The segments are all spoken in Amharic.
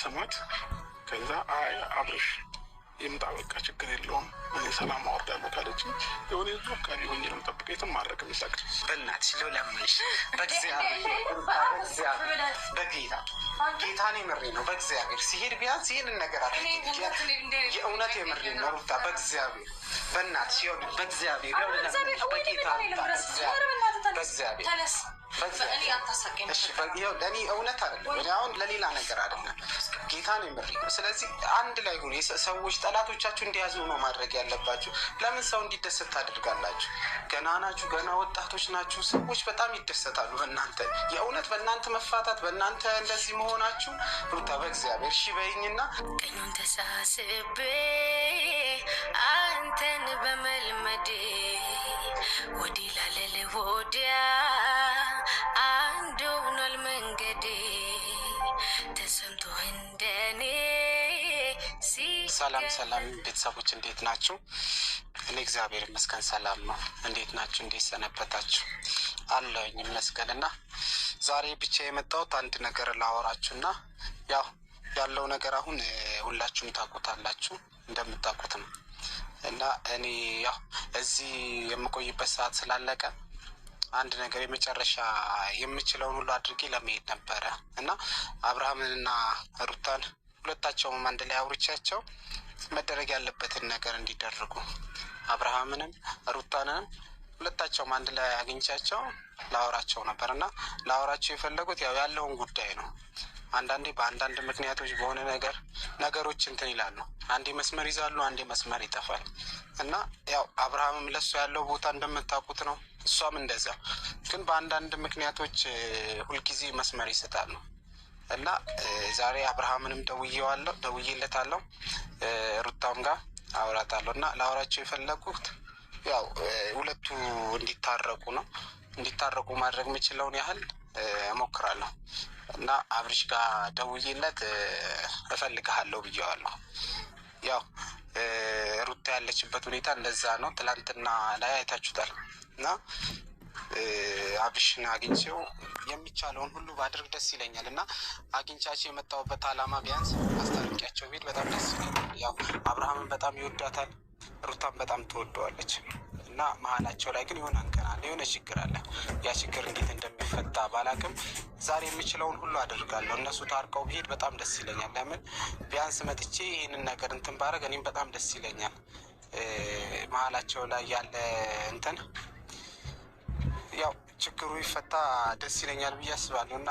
አሰማት። ከዛ አይ አብርሽ ይምጣ በቃ ችግር የለውም እኔ ሰላም አወርዳለሁ ካለች የሆነ ዙ አካባቢ ሆኜ ነው ጠብቀ የትም ማድረግ የሚሳቅ በእናትሽ ለው ለምንሽ በጌታ ጌታ ነው የምሬ ነው በእግዚአብሔር ሲሄድ ቢያንስ ይህንን ነገር አለ የእውነት የምሬ ነው ሩታ በእግዚአብሔር በእናትሽ በእግዚአብሔር በጌታ በእግዚአብሔር እኔ እውነት አይደለም። እኔ አሁን ለሌላ ነገር አይደለም፣ ጌታ ነው የምር። ስለዚህ አንድ ላይ ሆኑ ሰዎች፣ ጠላቶቻችሁ እንዲያዙ ነው ማድረግ ያለባችሁ። ለምን ሰው እንዲደሰት ታደርጋላችሁ? ገና ናችሁ፣ ገና ወጣቶች ናችሁ። ሰዎች በጣም ይደሰታሉ በእናንተ የእውነት፣ በእናንተ መፋታት፣ በእናንተ እንደዚህ መሆናችሁ። ሩታ በእግዚአብሔር ሺ በይኝና ቀኙን ተሳስቤ አንተን በመልመዴ ወዲህ ላለለ ወዲያ ሰላም ሰላም ቤተሰቦች እንዴት ናችሁ? እኔ እግዚአብሔር ይመስገን ሰላም ነው። እንዴት ናችሁ? እንዴት ሰነበታችሁ? አለውኝ ይመስገን እና ዛሬ ብቻ የመጣሁት አንድ ነገር ላወራችሁ እና ያው ያለው ነገር አሁን ሁላችሁም ታውቁታላችሁ እንደምታውቁት ነው እና እኔ ያው እዚህ የምቆይበት ሰዓት ስላለቀ አንድ ነገር የመጨረሻ የምችለውን ሁሉ አድርጌ ለመሄድ ነበረ እና አብርሃምንና ሩታን ሁለታቸውም አንድ ላይ አውርቻቸው መደረግ ያለበትን ነገር እንዲደርጉ አብርሃምንም ሩታንንም ሁለታቸውም አንድ ላይ አግኝቻቸው ላወራቸው ነበር እና ላወራቸው የፈለጉት ያው ያለውን ጉዳይ ነው። አንዳንዴ በአንዳንድ ምክንያቶች በሆነ ነገር ነገሮች እንትን ይላሉ። አንዴ መስመር ይዛሉ፣ አንዴ መስመር ይጠፋል እና ያው አብርሃምም ለሱ ያለው ቦታ እንደምታውቁት ነው። እሷም እንደዛ ግን በአንዳንድ ምክንያቶች ሁልጊዜ መስመር ይሰጣሉ። እና ዛሬ አብርሃምንም ደውዬዋለሁ ደውዬለታለሁ ሩታም ጋር አውራታለሁ እና ለአውራቸው የፈለጉት ያው ሁለቱ እንዲታረቁ ነው። እንዲታረቁ ማድረግ የምችለውን ያህል እሞክራለሁ እና አብርሽ ጋር ደውዬለት እፈልግሃለሁ ብዬዋለሁ። ያው ሩታ ያለችበት ሁኔታ እንደዛ ነው። ትላንትና ላይ አይታችሁታል እና አብሽን አግኝቼው የሚቻለውን ሁሉ ባድርግ ደስ ይለኛል እና አግኝቻቸው የመጣሁበት አላማ ቢያንስ አስታርቂያቸው ቤት በጣም ደስ ይለኛል። ያው አብርሃምን በጣም ይወዳታል፣ ሩታን በጣም ትወደዋለች እና መሀላቸው ላይ ግን የሆነ እንቀናለ የሆነ ችግር አለ። ያ ችግር እንዴት እንደሚፈታ ባላቅም ዛሬ የምችለውን ሁሉ አድርጋለሁ። እነሱ ታርቀው ብሄድ በጣም ደስ ይለኛል። ለምን ቢያንስ መጥቼ ይህንን ነገር እንትን ባረግ እኔም በጣም ደስ ይለኛል። መሀላቸው ላይ ያለ እንትን ያው ችግሩ ይፈታ ደስ ይለኛል ብዬ አስባለሁ እና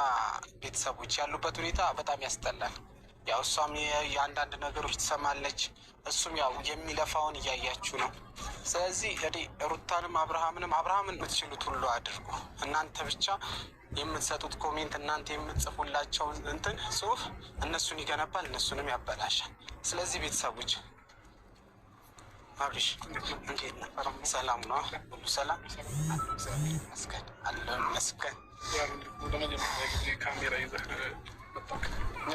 ቤተሰቦች ያሉበት ሁኔታ በጣም ያስጠላል። ያው እሷም የአንዳንድ ነገሮች ትሰማለች፣ እሱም ያው የሚለፋውን እያያችሁ ነው። ስለዚህ እኔ ሩታንም አብርሃምንም አብርሃምን የምትችሉት ሁሉ አድርጉ። እናንተ ብቻ የምትሰጡት ኮሜንት፣ እናንተ የምትጽፉላቸው እንትን ጽሁፍ እነሱን ይገነባል፣ እነሱንም ያበላሻል። ስለዚህ ቤተሰቦች አብሽ እንዴት ነበር? ሰላም ነው? ሁሉ ሰላም ይመስገን። አለሁ ይመስገን።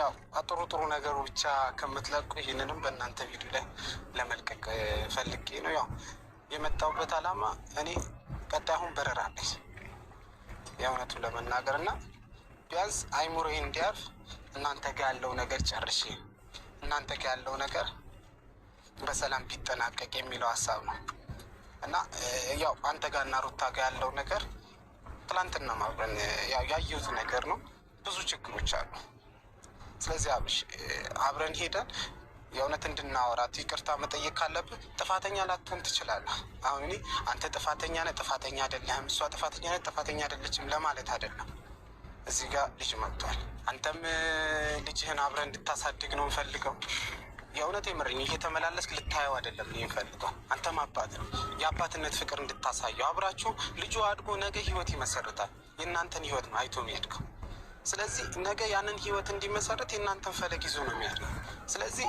ያው ጥሩ ጥሩ ነገሩ ብቻ ከምትለቁ ይህንንም በእናንተ ቪዲዮ ላይ ለመልቀቅ ፈልጌ ነው። ያው የመጣሁበት አላማ እኔ ቀጣይ አሁን በረራ አለኝ የእውነቱን ለመናገር እና ቢያንስ አይሙሬ እንዲያርፍ እናንተ ጋ ያለው ነገር ጨርሼ እናንተ ጋ ያለው ነገር በሰላም ቢጠናቀቅ የሚለው ሀሳብ ነው እና ያው አንተ ጋር እና ሩታ ጋር ያለው ነገር ትላንትና ማብረን ያየሁት ነገር ነው። ብዙ ችግሮች አሉ። ስለዚህ አብሽ አብረን ሄደን የእውነት እንድናወራት ይቅርታ መጠየቅ ካለብህ ጥፋተኛ ላትሆን ትችላለህ። አሁን እኔ አንተ ጥፋተኛ ነህ፣ ጥፋተኛ አይደለህም፣ እሷ ጥፋተኛ ነህ፣ ጥፋተኛ አይደለችም ለማለት አይደለም። እዚህ ጋር ልጅ መጥቷል። አንተም ልጅህን አብረን እንድታሳድግ ነው እንፈልገው የእውነት የምሬን እየተመላለስክ ልታየው አይደለም የሚፈልገው። አንተም አባት ነው፣ የአባትነት ፍቅር እንድታሳየው አብራችሁ። ልጁ አድጎ ነገ ህይወት ይመሰርታል። የእናንተን ህይወት ነው አይቶ የሚያድገው ስለዚህ ነገ ያንን ህይወት እንዲመሰርት የእናንተን ፈለግ ይዞ ነው የሚያደርገው። ስለዚህ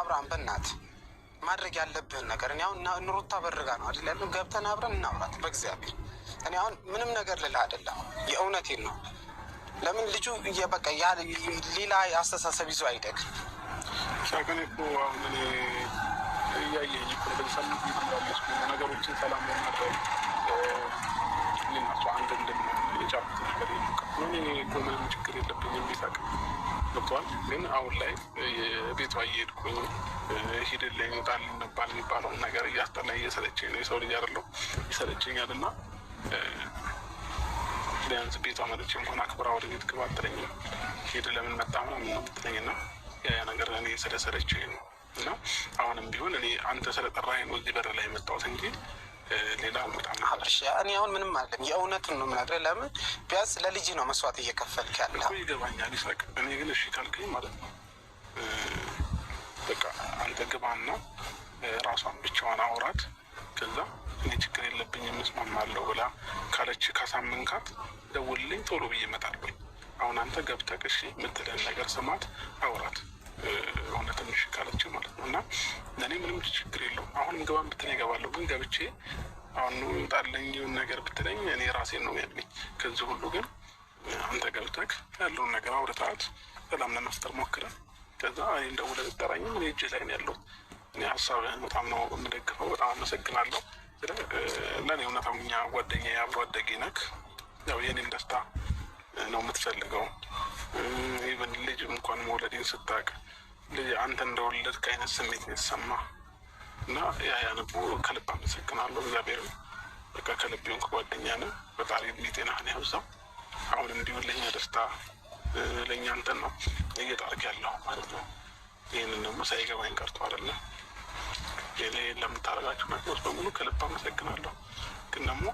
አብርሃም በእናት ማድረግ ያለብህን ነገር እኔ አሁን ኑሮታ በርጋ ነው አይደል ያለው፣ ገብተን አብረን እናውራት በእግዚአብሔር። እኔ አሁን ምንም ነገር ልልህ አይደለም፣ የእውነቴን ነው። ለምን ልጁ በቃ ሌላ አስተሳሰብ ይዞ አይደግ ሳቅን እኮ አሁን እኔ እያየኝ እኮ በዚህ ሳምንት እየተመላለስኩ ነገሮችን ሰላም ለማድረግ እኔናቸው አንድ እንድን የጫፉት ነገር እኔ እኮ ምንም ችግር የለብኝ የሚሳቅ ገብተዋል። ግን አሁን ላይ ቤቷ እየሄድኩኝ ሂድልኝ፣ ውጣል ይነባል የሚባለውን ነገር እያስጠላ እየሰለቸኝ ነው። የሰው ልጅ አይደለሁ ይሰለቸኛል እና ቢያንስ ቤቷ መለች እንኳን አክብራ ወደ ቤት ግባ አትለኝም። ሂድ ለምን መጣ ምናምን ነው ትለኝና ያ ነገር እኔ ስለሰለቸኝ ነው። እና አሁንም ቢሆን እኔ አንተ ስለጠራኸኝ ነው እዚህ በር ላይ የመጣሁት እንጂ ሌላ እኔ አሁን ምንም አለም። የእውነቱን ነው ምናደ ለምን ቢያንስ ለልጅ ነው መስዋዕት እየከፈልክ ያለ እኮ ይገባኛል። ይሳቅ እኔ ግን እሺ ካልከኝ ማለት ነው በቃ አንተ ግባና ራሷን ብቻዋን አውራት። ከዛ እኔ ችግር የለብኝ የምስማማለሁ ብላ ካለች ካሳመንካት ደውልልኝ፣ ቶሎ ብዬ እመጣለሁ። አሁን አንተ ገብተህ እሺ የምትለን ነገር ስማት፣ አውራት ሆነ ትንሽ ካለች ማለት ነው። እና ለእኔ ምንም ችግር የለውም። አሁንም ግባ ብትለኝ እገባለሁ። ግን ገብቼ አሁን ጣለኝ ነገር ብትለኝ እኔ ራሴን ነው ያለኝ። ከዚህ ሁሉ ግን አንተ ገብተህ ያለውን ነገር አውርታት ሰላም ለመፍጠር ሞክረን ከዛ እኔ ደውለህ ልጠራኝም እኔ እጅ ላይ ነው ያለሁት። እኔ ሀሳብህን በጣም ነው የምደግፈው። በጣም አመሰግናለሁ። ለእኔ እውነት አሁኛ ጓደኛ የአብሮ አደጌ ነክ ያው የእኔም ደስታ ነው የምትፈልገው። ልጅ እንኳን መውለድን ስታቅ ልጅ አንተ እንደወለድክ አይነት ስሜት የተሰማ እና ያ ያንቡ ከልብ አመሰግናለሁ። እግዚአብሔር በቃ ከልብ ሆንክ ጓደኛ ነህ። በጣም ጤናህን ያብዛው። አሁን እንዲሁ ለኛ ደስታ ለእኛ አንተን ነው እየጣርክ ያለው ማለት ነው። ይህንን ደግሞ ሳይገባኝ ቀርቶ አይደለም። ለምታደርጋቸው ነገሮች በሙሉ ከልብ አመሰግናለሁ ግን ደግሞ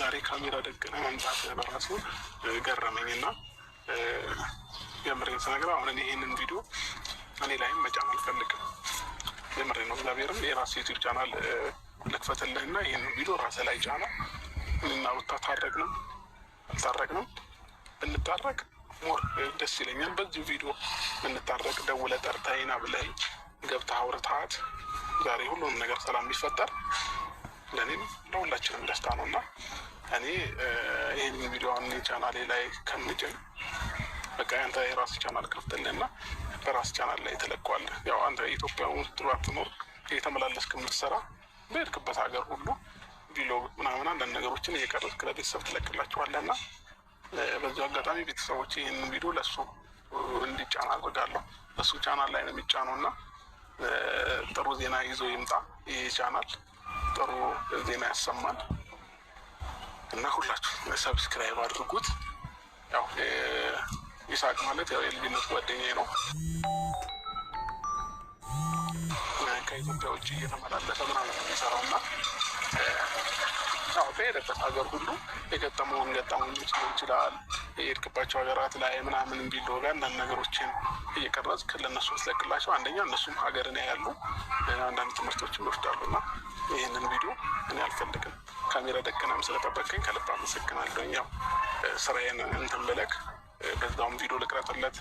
ዛሬ ካሜራ ደቅነ መምጣት በራሱ ገረመኝ እና የምሬን ስነግር አሁን ይህንን ቪዲዮ እኔ ላይም መጫን አልፈልግም። የምሬ ነው። እግዚአብሔርም የራሱ ዩቲዩብ ቻናል ልክፈትልህ እና ይህንን ቪዲዮ ራሰ ላይ ጫና እና እናውታ ታረቅ ነው አልታረቅ ነው ብንታረቅ ሞር ደስ ይለኛል። በዚሁ ቪዲዮ ብንታረቅ ደውለ ጠርታይና ና ብለኸኝ ገብተህ አውርተሃት ዛሬ ሁሉንም ነገር ሰላም ቢፈጠር ለእኔም ለሁላችንም ደስታ ነው እና እኔ ይህን ቪዲዮን ቻናሌ ላይ ከምጭን በቃ አንተ የራስ ቻናል ከፍትልህ እና በራስ ቻናል ላይ ተለቋል። ያው አንተ ኢትዮጵያ ውስጥ ባትኖር እየተመላለስክ የምትሰራ በሄድክበት ሀገር ሁሉ ቪሎግ ምናምን አንዳንድ ነገሮችን እየቀረጽክ ለቤተሰብ ትለቅላቸዋለህ እና በዚሁ አጋጣሚ ቤተሰቦች ይህን ቪዲዮ ለእሱ እንዲጫን አድርጋለሁ። እሱ ቻናል ላይ ነው የሚጫነው እና ጥሩ ዜና ይዞ ይምጣ ይህ ቻናል። ጥሩ ዜና ያሰማል እና ሁላችሁ ሰብስክራይብ አድርጉት። ያው ይሳቅ ማለት ያው የልጅነት ጓደኛዬ ነው። ከኢትዮጵያ ውጭ እየተመላለሰ ምናምን የሚሰራው እና በሄደበት ሀገር ሁሉ የገጠመውን ገጠመኞች ሊሆን ይችላል የሄድክባቸው ሀገራት ላይ ምናምን ቢሎ ጋር አንዳንድ ነገሮችን እየቀረጽክ ለእነሱ ስለቅላቸው አንደኛ እነሱም ሀገርን ያያሉ፣ አንዳንድ ትምህርቶችን ይወስዳሉ እና ይህንን ቪዲዮ እኔ አልፈልግም። ካሜራ ደቀናም ስለጠበቀኝ ከልብ አመሰግናለሁ። ያው ስራዬን እንትን ብለክ በዛውም ቪዲዮ ልቅረጥለት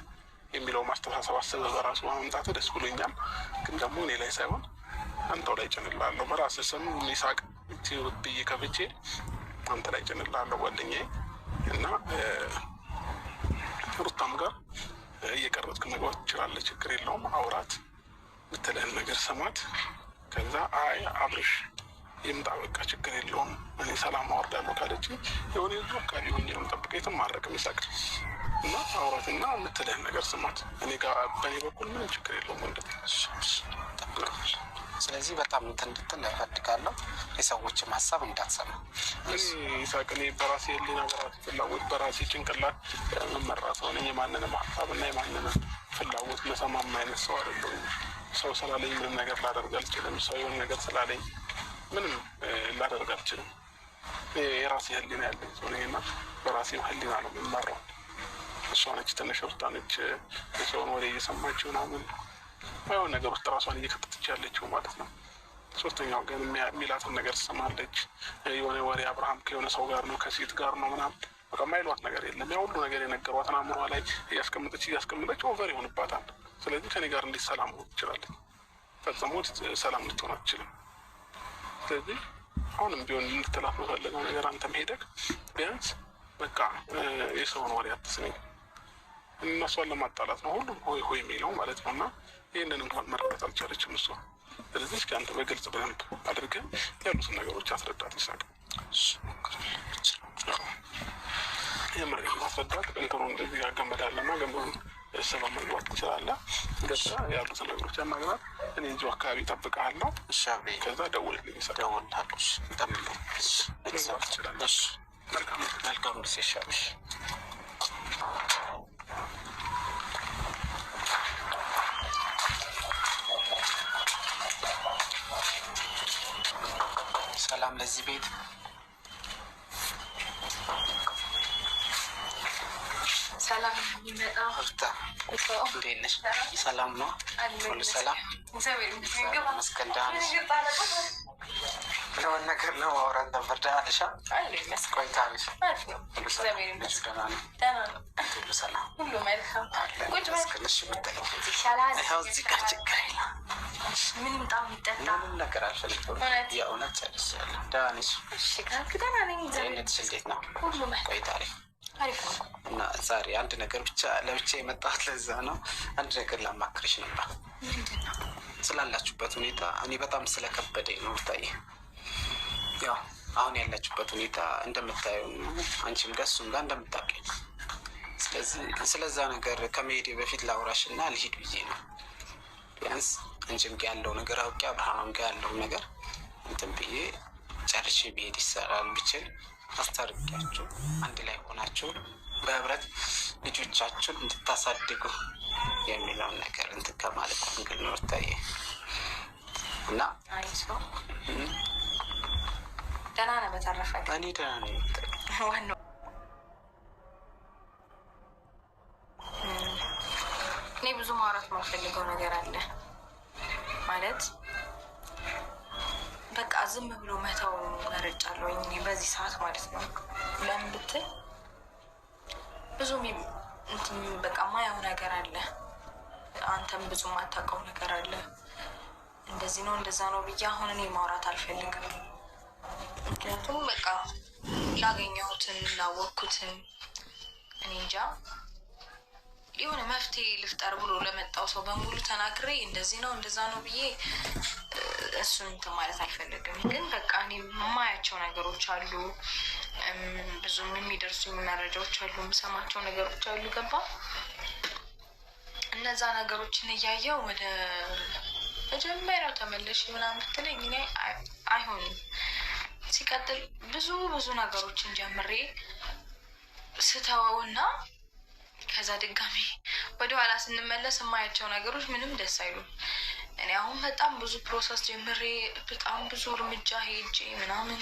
የሚለው ማስተሳሰብ አስበ በራሱ መምጣት ደስ ብሎኛል። ግን ደግሞ እኔ ላይ ሳይሆን አንተው ላይ ጭንላለሁ። በራስ ስም ሚሳቅ ብዬ ከብቼ አንተ ላይ ጭንላለሁ ጓደኛዬ እና ሩታም ጋር እየቀረጥክ መግባት ትችላለህ። ችግር የለውም። አውራት ምትለህን ነገር ስማት። ከዛ አይ አብርሽ ይምጣ በቃ ችግር የለውም እኔ ሰላም አወርዳለሁ ካለች የሆነ ዙ አካባቢ ሆኜ ነው ጠብቀ የትም ማድረቅም ይሳቅል እና አውራት እና የምትልህ ነገር ስማት። እኔ ጋር በእኔ በኩል ምንም ችግር የለውም ወንድት ስለዚህ በጣም ትንድትን እፈልጋለሁ። የሰዎች ሀሳብ እንዳትሰማ ይሳቅ። እኔ በራሴ ህሊና፣ በራሴ ፍላጎት፣ በራሴ ጭንቅላት መመራ ሰው ነኝ። የማንንም ሀሳብ እና የማንንም ፍላጎት መሰማም አይነት ሰው አይደለሁም። ሰው ስላለኝ ምንም ነገር ላደርግ አልችልም። ሰው የሆነ ነገር ስላለኝ ምንም ላደርግ አልችልም። የራሴ ህሊና ያለኝ ሰው ነኝና በራሴም ነው የምመራው። እሷ ነች ትንሽ ሩታ ነች የሰውን ወደ እየሰማችው ምናምን ባይሆን ነገር ውስጥ ራሷን እየከተተች ያለችው ማለት ነው። ሶስተኛ ወገን የሚላትን ነገር ትሰማለች። የሆነ ወሬ አብርሃም ከሆነ ሰው ጋር ነው ከሴት ጋር ነው ምናምን በቃ ማይሏት ነገር የለም። ያ ሁሉ ነገር የነገሯትን አእምሯ ላይ እያስቀምጠች እያስቀመጠች ኦቨር ይሆንባታል። ስለዚህ ከኔ ጋር እንዴት ሰላም መሆን ትችላለች? ፈጽሞ ሰላም ልትሆን አትችልም። ስለዚህ አሁንም ቢሆን ልንተላፍ ፈለገው ነገር አንተ መሄደግ ቢያንስ በቃ የሰውን ወሬ አትስነኝ። እነሷን ለማጣላት ነው ሁሉም ሆይ ሆይ የሚለው ማለት ነው። እና ይህንን እንኳን መረዳት አልቻለችም እሷ። ስለዚህ እስኪ አንተ በግልጽ በደንብ አድርገህ ያሉትን ነገሮች አስረዳት ይሳቅ የምር ማስረዳት እንትኑ እንደዚህ ያገመዳለና ገመ ሰላም መግባት ትችላለህ። ያሉትን ነገሮች ያናግራል። እኔ እዚሁ አካባቢ እጠብቅሃለሁ። ከዛ ደውልልኝ። መልካም ጊዜ ይሻልሽ። ሰላም ለዚህ ቤት ሰላም የሚመጣ እንዴት ነሽ? ሰላም ነው? ሁሉ ሰላም እስከንዳነሽ ለሆን ነገር ነው ማውራት ነበር። ደህና ነሽ? ቆይታ ደህና ነሽ? እንዴት ነው ቆይታ? እና ዛሬ አንድ ነገር ብቻ ለብቻ የመጣት ለዛ ነው። አንድ ነገር ላማክርሽ ነበር ስላላችሁበት ሁኔታ እኔ በጣም ስለከበደኝ ነው። ታየ ያው አሁን ያላችሁበት ሁኔታ እንደምታየው አንቺም ከሱም ጋር እንደምታውቂ ነው። ስለዚህ ስለዛ ነገር ከመሄዴ በፊት ላውራሽ እና ልሂድ ብዬ ነው። ቢያንስ አንቺም ጋ ያለው ነገር አውቄ አብርሃምም ጋ ያለው ነገር እንትን ብዬ ጨርሼ ብሄድ ይሰራል ብችል አስታርቂያችሁ አንድ ላይ ሆናችሁ በህብረት ልጆቻችሁን እንድታሳድጉ የሚለውን ነገር እንትን ከማለት እንግል ነው ታየ እና ደህና ነህ። በተረፈ እኔ ደህና ነኝ። ዋናው እኔ ብዙ ማውራት የማልፈልገው ነገር አለ ማለት በቃ ዝም ብሎ መተው መርጫለሁ በዚህ ሰዓት ማለት ነው። ለምን ብትል ብዙ በቃ ማየው ነገር አለ፣ አንተም ብዙ ማታውቀው ነገር አለ። እንደዚህ ነው እንደዛ ነው ብዬ አሁን እኔ ማውራት አልፈልግም። ምክንያቱም በቃ ላገኘሁትን ላወቅኩትን እኔ እንጃ የሆነ መፍትሄ ልፍጠር ብሎ ለመጣው ሰው በሙሉ ተናግሬ እንደዚህ ነው እንደዛ ነው ብዬ እሱን እንትን ማለት አልፈልግም። ግን በቃ እኔ የማያቸው ነገሮች አሉ፣ ብዙም የሚደርሱኝ መረጃዎች አሉ፣ የምሰማቸው ነገሮች አሉ። ገባ እነዛ ነገሮችን እያየው ወደ መጀመሪያው ተመለሽ ምናምን ብትለኝ እኔ አይሆንም። ሲቀጥል ብዙ ብዙ ነገሮችን ጀምሬ ስተወውና ከዛ ድጋሚ ኋላ ስንመለስ የማያቸው ነገሮች ምንም ደስ አይሉም። እኔ አሁን በጣም ብዙ ፕሮሰስ ጀምሬ በጣም ብዙ እርምጃ ሄጄ ምናምን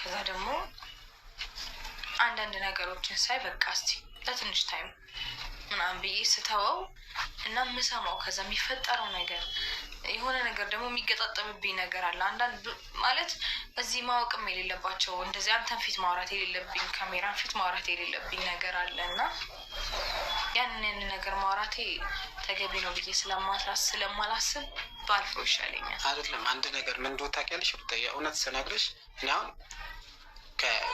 ከዛ ደግሞ አንዳንድ ነገሮችን ሳይ በቃ እስቲ ለትንሽ ታይም ምናምን ብዬ ስተወው እና የምሰማው ከዛ የሚፈጠረው ነገር የሆነ ነገር ደግሞ የሚገጣጠምብኝ ነገር አለ። አንዳንድ ማለት እዚህ ማወቅም የሌለባቸው እንደዚህ አንተን ፊት ማውራት የሌለብኝ ካሜራን ፊት ማውራት የሌለብኝ ነገር አለ እና ያንን ነገር ማውራቴ ተገቢ ነው ብዬ ስለማላስ ስለማላስብ ባልፈው ይሻለኛል። አይደለም አንድ ነገር ምን እንደሆነ ታውቂያለሽ? እውነት ስነግርሽ እኔ አሁን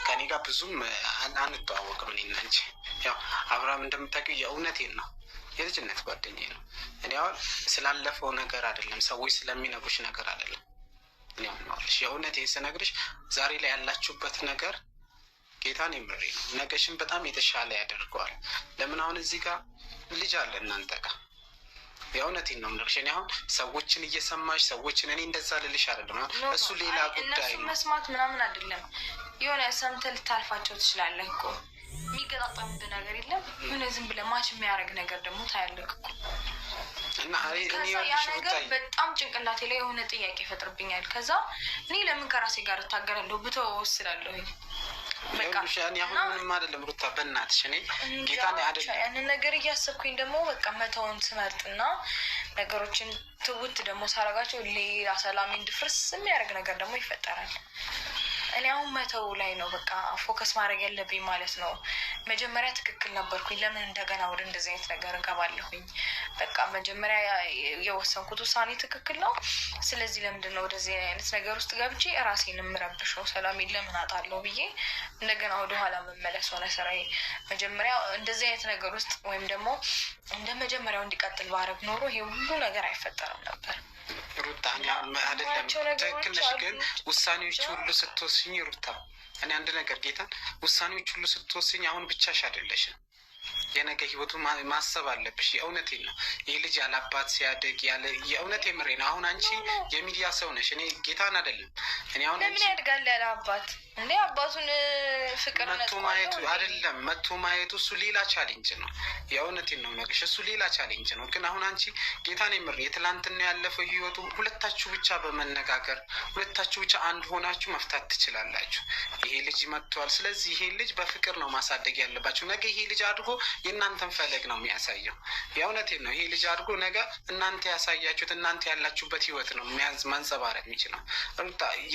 ከኔ ጋር ብዙም አንተዋወቅም እኔና እንጂ ያው አብርሃም እንደምታውቂው የእውነቴን ነው የልጅነት ጓደኛዬ ነው። እኔ አሁን ስላለፈው ነገር አይደለም ሰዎች ስለሚነግሩሽ ነገር አይደለም እኔ የምናወራሽ የእውነቴን ስነግርሽ ዛሬ ላይ ያላችሁበት ነገር ጌታን የምሬ ነው። ነገሽን በጣም የተሻለ ያደርገዋል። ለምን አሁን እዚህ ጋር ልጅ አለ እናንተ ጋር የእውነቴን ነው የምልሽ። እኔ አሁን ሰዎችን እየሰማሽ ሰዎችን እኔ እንደዛ ልልሽ አይደለም። እሱ ሌላ ጉዳይ ነው። መስማት ምናምን አይደለም። የሆነ ሰምተህ ልታልፋቸው ትችላለህ እኮ የሚገጣጣምብህ ነገር የለም። ምን ዝም ብለህ ማች የሚያደርግ ነገር ደግሞ ታያለህ እኮ ያ ነገር በጣም ጭንቅላቴ ላይ የሆነ ጥያቄ ይፈጥርብኛል። ከዛ እኔ ለምን ከራሴ ጋር እታገላለሁ ብተወው አይደለም ሩታ፣ በእናትሽ እኔ ጌታ ያንን ነገር እያሰብኩኝ ደግሞ በቃ መተውን ትመርጥና ነገሮችን ትውት ደግሞ ሳረጋቸው ሌላ ሰላሜን እንድፍርስ የሚያደርግ ነገር ደግሞ ይፈጠራል። እኔ አሁን መተው ላይ ነው በቃ ፎከስ ማድረግ ያለብኝ ማለት ነው። መጀመሪያ ትክክል ነበርኩኝ። ለምን እንደገና ወደ እንደዚህ አይነት ነገር እንገባለሁኝ? በቃ መጀመሪያ የወሰንኩት ውሳኔ ትክክል ነው። ስለዚህ ለምንድን ነው ወደዚህ አይነት ነገር ውስጥ ገብቼ ራሴን የምረብሸው? ሰላሜን ለምን አጣለሁ ብዬ እንደገና ወደኋላ መመለስ ሆነ ስራዬ። መጀመሪያ እንደዚህ አይነት ነገር ውስጥ ወይም ደግሞ እንደ መጀመሪያው እንዲቀጥል ባረግ ኖሮ ይሄ ሁሉ ነገር አይፈጠርም ነበር። ሩታኛ አይደለም ትክክል ነሽ። ግን ውሳኔዎች ሁሉ ስትወስኝ ሩታ፣ እኔ አንድ ነገር ጌታን ውሳኔዎች ሁሉ ስትወስኝ አሁን ብቻሽ አይደለሽም የነገ ህይወቱ ማሰብ አለብሽ። የእውነቴን ነው። ይህ ልጅ ያለአባት አባት ሲያደግ ያለ የእውነት የምሬ ነው። አሁን አንቺ የሚዲያ ሰው ነሽ፣ እኔ ጌታን አይደለም። እኔ አሁን ለምን ያድጋል ያለ አባት እንደ አባቱን ፍቅር መቶ ማየቱ አይደለም መቶ ማየቱ እሱ ሌላ ቻሌንጅ ነው። የእውነቴን ነው የምነግርሽ፣ እሱ ሌላ ቻሌንጅ ነው። ግን አሁን አንቺ ጌታን የምር የትላንትና ያለፈው ህይወቱ ሁለታችሁ ብቻ በመነጋገር ሁለታችሁ ብቻ አንድ ሆናችሁ መፍታት ትችላላችሁ። ይሄ ልጅ መጥቷል። ስለዚህ ይሄ ልጅ በፍቅር ነው ማሳደግ ያለባችሁ። ነገ ይሄ ልጅ አድጎ የእናንተን ፈለግ ነው የሚያሳየው። የእውነቴን ነው። ይሄ ልጅ አድጎ ነገ እናንተ ያሳያችሁት እናንተ ያላችሁበት ህይወት ነው ማንጸባረቅ የሚችለው።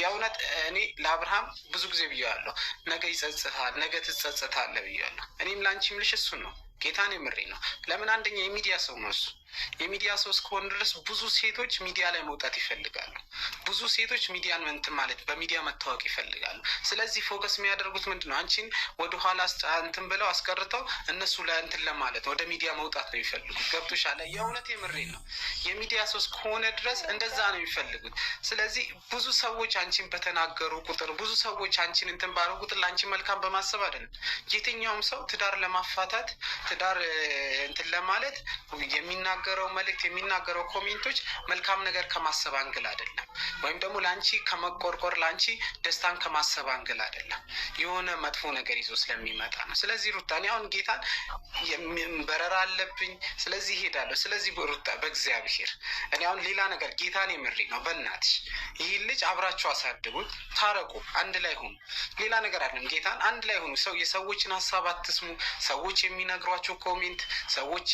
የእውነት እኔ ለአብርሃም ብዙ ጊዜ ብያለሁ፣ ነገ ይጸጽታል፣ ነገ ትጸጽታለ ብያለሁ። እኔም ለአንቺ ምልሽ እሱን ነው ጌታን የምሬ ነው። ለምን አንደኛ የሚዲያ ሰው ነው እሱ። የሚዲያ ሰው እስከሆነ ድረስ ብዙ ሴቶች ሚዲያ ላይ መውጣት ይፈልጋሉ። ብዙ ሴቶች ሚዲያን እንትን ማለት በሚዲያ መታወቅ ይፈልጋሉ። ስለዚህ ፎከስ የሚያደርጉት ምንድን ነው? አንቺን ወደኋላ እንትን ብለው አስቀርተው እነሱ ላይ እንትን ለማለት ወደ ሚዲያ መውጣት ነው የሚፈልጉት። ገብቶሻል? የእውነት የምሬ ነው። የሚዲያ ሰው እስከሆነ ድረስ እንደዛ ነው የሚፈልጉት። ስለዚህ ብዙ ሰዎች አንቺን በተናገሩ ቁጥር፣ ብዙ ሰዎች አንቺን እንትን ባሉ ቁጥር ለአንቺ መልካም በማሰብ አይደለም። የትኛውም ሰው ትዳር ለማፋታት ትዳር እንትን ለማለት የሚናገረው መልእክት የሚናገረው ኮሜንቶች መልካም ነገር ከማሰብ አንግል አይደለም፣ ወይም ደግሞ ለአንቺ ከመቆርቆር ለአንቺ ደስታን ከማሰብ አንግል አይደለም። የሆነ መጥፎ ነገር ይዞ ስለሚመጣ ነው። ስለዚህ ሩታ እኔ አሁን ጌታን በረራ አለብኝ፣ ስለዚህ ይሄዳለሁ። ስለዚህ ሩታ በእግዚአብሔር እኔ አሁን ሌላ ነገር ጌታን የምሬ ነው። በእናትሽ ይህ ልጅ አብራችሁ አሳድጉት፣ ታረቁ፣ አንድ ላይ ሁኑ። ሌላ ነገር አለም። ጌታን አንድ ላይ ሁኑ። ሰው የሰዎችን ሀሳብ አትስሙ። ሰዎች የሚነግሩ የምትሰጧቸው ኮሜንት ሰዎች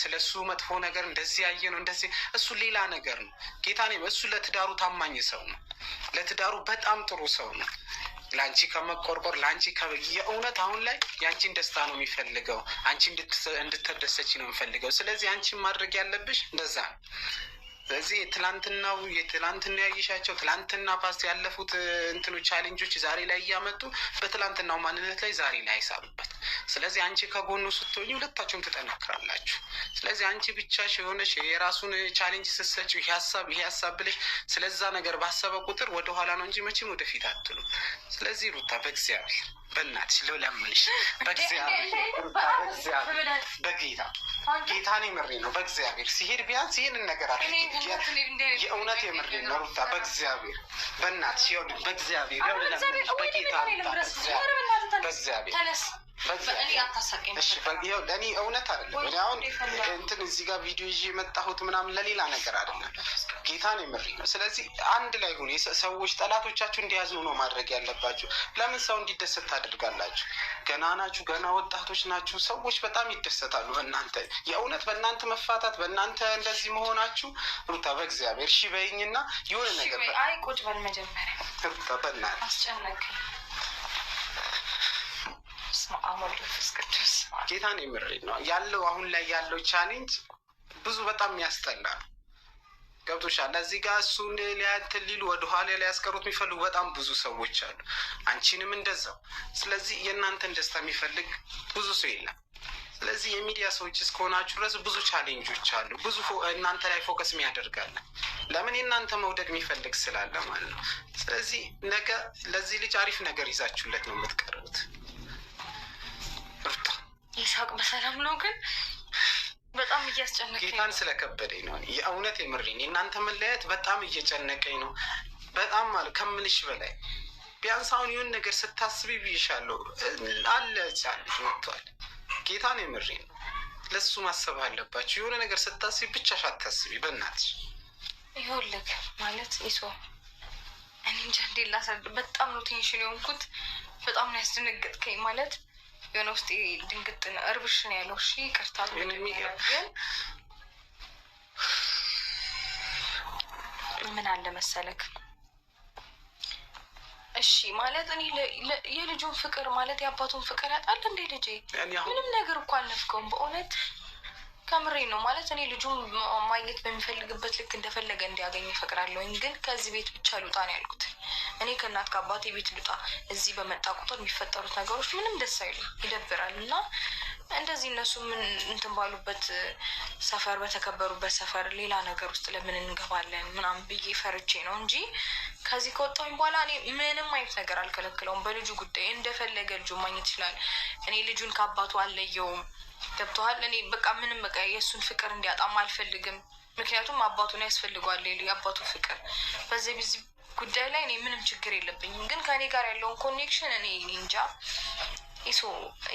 ስለ እሱ መጥፎ ነገር እንደዚህ ያየ ነው እንደዚህ፣ እሱ ሌላ ነገር ነው። ጌታ እሱ ለትዳሩ ታማኝ ሰው ነው። ለትዳሩ በጣም ጥሩ ሰው ነው። ለአንቺ ከመቆርቆር ለአንቺ የእውነት አሁን ላይ የአንቺን ደስታ ነው የሚፈልገው። አንቺ እንድትደሰች ነው የሚፈልገው። ስለዚህ አንቺን ማድረግ ያለብሽ እንደዛ ነው። በዚህ ትላንትናው የትላንትና ያየሻቸው ትላንትና ፓስት ያለፉት እንትኑ ቻሌንጆች ዛሬ ላይ እያመጡ በትላንትናው ማንነት ላይ ዛሬ ላይ አይሳሉበት። ስለዚህ አንቺ ከጎኑ ስትሆኝ ሁለታችሁም ትጠናክራላችሁ። ስለዚህ አንቺ ብቻሽ የሆነሽ የራሱን ቻሌንጅ ስትሰጪው ይሄ ሀሳብ ይሄ ሀሳብ ብለሽ ስለዛ ነገር ባሰበ ቁጥር ወደኋላ ነው እንጂ መቼም ወደፊት አትሉ። ስለዚህ ሩታ በእግዚአብሔር በእናትሽ ልለምንሽ፣ በእግዚአብሔር በጌታ ጌታን የምሬ ነው። በእግዚአብሔር ሲሄድ ቢያንስ ይህንን ነገር አለ። የእውነት የምሬ ነው ሩታ፣ በእግዚአብሔር በእናትሽ፣ ይኸውልሽ፣ በእግዚአብሔር ይኸውልሽ፣ በጌታ ሩታ፣ በእግዚአብሔር ለእኔ እውነት አይደለም። እኔ አሁን እንትን እዚህ ጋር ቪዲዮ ይዤ የመጣሁት ምናምን ለሌላ ነገር አይደለም። ጌታ ነው የምር። ስለዚህ አንድ ላይ ሆኑ ሰዎች ጠላቶቻችሁ እንዲያዙ ነው ማድረግ ያለባችሁ። ለምን ሰው እንዲደሰት ታደርጋላችሁ? ገና ናችሁ፣ ገና ወጣቶች ናችሁ። ሰዎች በጣም ይደሰታሉ በእናንተ የእውነት በእናንተ መፋታት፣ በእናንተ እንደዚህ መሆናችሁ። ሩታ በእግዚአብሔር ሺ በይኝና የሆነ ነገር ቁጭ በል መጀመሪያ ሩታ በእናትህ በስመ አብ ወወልድ ወመንፈስ ቅዱስ ጌታን የምሬ ነው ያለው። አሁን ላይ ያለው ቻሌንጅ ብዙ በጣም ያስጠላ ነው። ገብቶሻል። ለዚህ ጋር እሱን ሊያንትን ሊሉ ወደኋላ ሊያስቀሩት የሚፈልጉ በጣም ብዙ ሰዎች አሉ። አንቺንም እንደዛው። ስለዚህ የእናንተን ደስታ የሚፈልግ ብዙ ሰው የለም። ስለዚህ የሚዲያ ሰዎች እስከሆናችሁ ድረስ ብዙ ቻሌንጆች አሉ። ብዙ እናንተ ላይ ፎከስ የሚያደርጋለን ለምን የእናንተ መውደቅ የሚፈልግ ስላለ ማለት ነው። ስለዚህ ነገ ለዚህ ልጅ አሪፍ ነገር ይዛችሁለት ነው የምትቀርቡት። ይሳቅ በሰላም ነው ግን በጣም እያስጨነቀኝ ጌታን ስለከበደኝ ነው። የእውነት የምሬን የእናንተ መለያየት በጣም እየጨነቀኝ ነው። በጣም ማለት ከምልሽ በላይ ቢያንስ አሁን ይሁን ነገር ስታስቢ ብይሻለሁ አለ ጫልጅ መጥቷል። ጌታን የምሪ ነው። ለሱ ማሰብ አለባችሁ። የሆነ ነገር ስታስቢ ብቻሽ አታስቢ በእናትሽ። ይኸውልህ ማለት ይሶ እኔ እንጃ እንዴት ላስረዳ። በጣም ነው ቴንሽን የሆንኩት። በጣም ነው ያስደነገጥከኝ ማለት የሆነ ውስጥ ድንግጥ እርብሽ ነው ያለው። እሺ ይቅርታ ግን ምን አለ መሰለክ እሺ ማለት እኔ የልጁን ፍቅር ማለት የአባቱን ፍቅር ያጣል እንዴ? ልጄ ምንም ነገር እኮ አልነፍከውም። በእውነት ከምሬ ነው ማለት እኔ ልጁን ማግኘት በሚፈልግበት ልክ እንደፈለገ እንዲያገኝ ይፈቅራለሁኝ። ግን ከዚህ ቤት ብቻ ልውጣ ነው ያልኩት። እኔ ከእናት ከአባቴ ቤት ልውጣ፣ እዚህ በመጣ ቁጥር የሚፈጠሩት ነገሮች ምንም ደስ አይሉም፣ ይደብራል። እና እንደዚህ እነሱ ምን እንትን ባሉበት ሰፈር፣ በተከበሩበት ሰፈር ሌላ ነገር ውስጥ ለምን እንገባለን ምናምን ብዬ ፈርቼ ነው እንጂ ከዚህ ከወጣሁኝ በኋላ እኔ ምንም አይነት ነገር አልከለክለውም። በልጁ ጉዳይ እንደፈለገ ልጁ ማግኘት ይችላል። እኔ ልጁን ከአባቱ አለየውም። ገብተዋል። እኔ በቃ ምንም በቃ የእሱን ፍቅር እንዲያጣም አልፈልግም። ምክንያቱም አባቱን ያስፈልገዋል የአባቱ ፍቅር በዚህ ጉዳይ ላይ እኔ ምንም ችግር የለብኝም። ግን ከእኔ ጋር ያለውን ኮኔክሽን እኔ እንጃ ኢሶ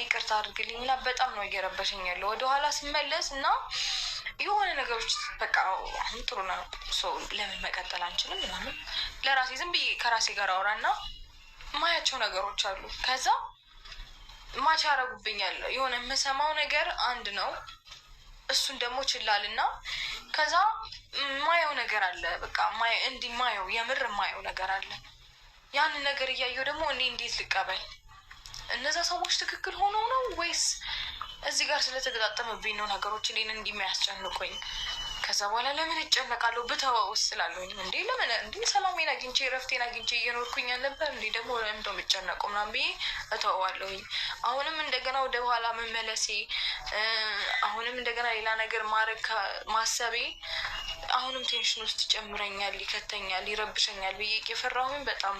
ይቅርታ አድርግልኝ እና በጣም ነው እየረበሸኝ ያለው ወደኋላ ስመለስ እና የሆነ ነገሮች በቃ አሁን ጥሩ ነው ሰው ለምን መቀጠል አንችልም ምናምን ለራሴ ዝም ብዬ ከራሴ ጋር አውራ እና ማያቸው ነገሮች አሉ። ከዛ ማች ያረጉብኛል። የሆነ የምሰማው ነገር አንድ ነው፣ እሱን ደግሞ ችላል እና ከዛ ማየው ነገር አለ። በቃ እንዲህ ማየው የምር ማየው ነገር አለ። ያንን ነገር እያየው ደግሞ እኔ እንዴት ልቀበል? እነዛ ሰዎች ትክክል ሆነው ነው ወይስ እዚህ ጋር ስለተገጣጠመብኝ ነው ነገሮች እኔን እንዲሚያስጨንቁኝ? ከዛ በኋላ ለምን እጨነቃለሁ ብተወው ስላለኝ እንዴ ለምን እንዲ ሰላሜን አግኝቼ ረፍቴን አግኝቼ እየኖርኩኝ አልነበር እንዴ? ደግሞ ለምደ የምጨነቁ ምናምን ብዬ እተወዋለሁኝ። አሁንም እንደገና ወደ ኋላ መመለሴ አሁንም እንደገና ሌላ ነገር ማድረግ ማሰቤ አሁንም ቴንሽን ውስጥ ይጨምረኛል፣ ይከተኛል፣ ይረብሸኛል ብዬ የፈራሁኝ በጣም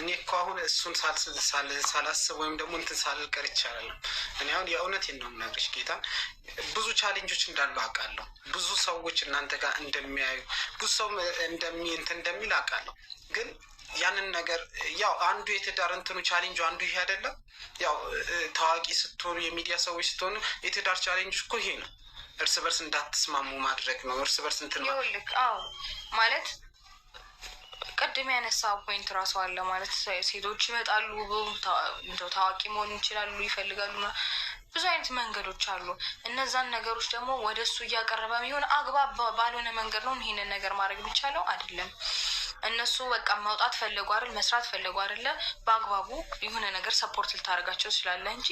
እኔ እኮ አሁን እሱን ሳላስብ ወይም ደግሞ እንትን ሳልቀር ይቻላል። እኔ አሁን የእውነቴን ነው የምነግርሽ ጌታ ብዙ ቻሌንጆች እንዳሉ አውቃለሁ። ብዙ ሰዎች እናንተ ጋር እንደሚያዩ ብዙ ሰው እንደሚንት እንደሚል አውቃለሁ። ግን ያንን ነገር ያው አንዱ የትዳር እንትኑ ቻሌንጁ አንዱ ይሄ አይደለም። ያው ታዋቂ ስትሆኑ፣ የሚዲያ ሰዎች ስትሆኑ የትዳር ቻሌንጅ እኮ ይሄ ነው። እርስ በርስ እንዳትስማሙ ማድረግ ነው። እርስ በርስ እንትን ይኸውልህ፣ አዎ ማለት ቅድም ያነሳ ፖይንት ራሱ አለ ማለት ሴቶች ይመጣሉ፣ ታዋቂ መሆን ይችላሉ፣ ይፈልጋሉ፣ ብዙ አይነት መንገዶች አሉ። እነዛን ነገሮች ደግሞ ወደ እሱ እያቀረበ የሚሆን አግባብ ባልሆነ መንገድ ነው ይሄንን ነገር ማድረግ የሚቻለው አይደለም። እነሱ በቃ ማውጣት ፈለጉ አይደል፣ መስራት ፈለጉ አይደለ፣ በአግባቡ የሆነ ነገር ሰፖርት ልታደርጋቸው ስላለ እንጂ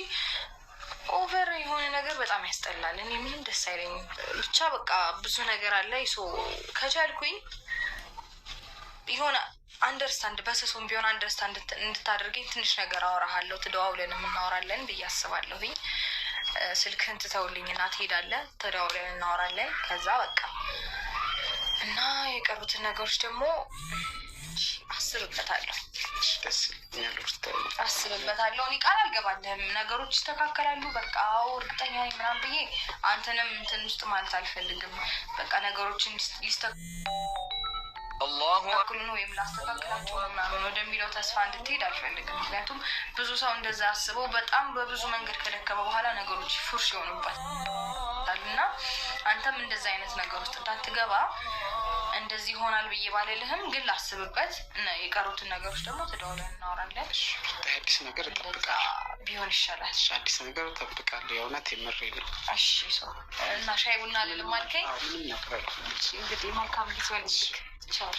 ኦቨር የሆነ ነገር በጣም ያስጠላል። እኔ ምንም ደስ አይለኝም። ብቻ በቃ ብዙ ነገር አለ። ይሶ ከቻልኩኝ የሆነ አንደርስታንድ በሰሱም ቢሆን አንደርስታንድ እንድታደርገኝ ትንሽ ነገር አወራሃለሁ፣ ተደዋውለን የምናወራለን ብዬ አስባለሁኝ። ስልክህን ትተውልኝ ትተውልኝና ትሄዳለህ፣ ተደዋውለን እናወራለን። ከዛ በቃ እና የቀሩትን ነገሮች ደግሞ አስብበታለሁ እኔ ቃል አልገባለህም፣ ነገሮች ይስተካከላሉ በቃ አዎ እርግጠኛ ነኝ ምናምን ብዬ አንተንም እንትን ውስጥ ማለት አልፈልግም። በቃ ነገሮችን ይስተካከሉ ወይም ላስተካክላቸው ምናምን ወደሚለው ተስፋ እንድትሄድ አልፈልግም። ምክንያቱም ብዙ ሰው እንደዛ አስበው በጣም በብዙ መንገድ ከደከመ በኋላ ነገሮች ፉርሽ ይሆኑባታል እና አንተም እንደዛ አይነት ነገር ውስጥ እንዳትገባ እንደዚህ ይሆናል ብዬ ባልልህም ግን ላስብበት የቀሩትን ነገሮች ደግሞ ተደውለን እናወራለን። አዲስ ነገር እጠብቃለሁ ቢሆን ይሻላል። አዲስ ነገር እጠብቃለሁ። የእውነት የምሬ ነው። እሺ ሰው እና ሻይ ቡና ልልም አልከኝ። እንግዲህ መልካም ጊዜ ልልክ ቻው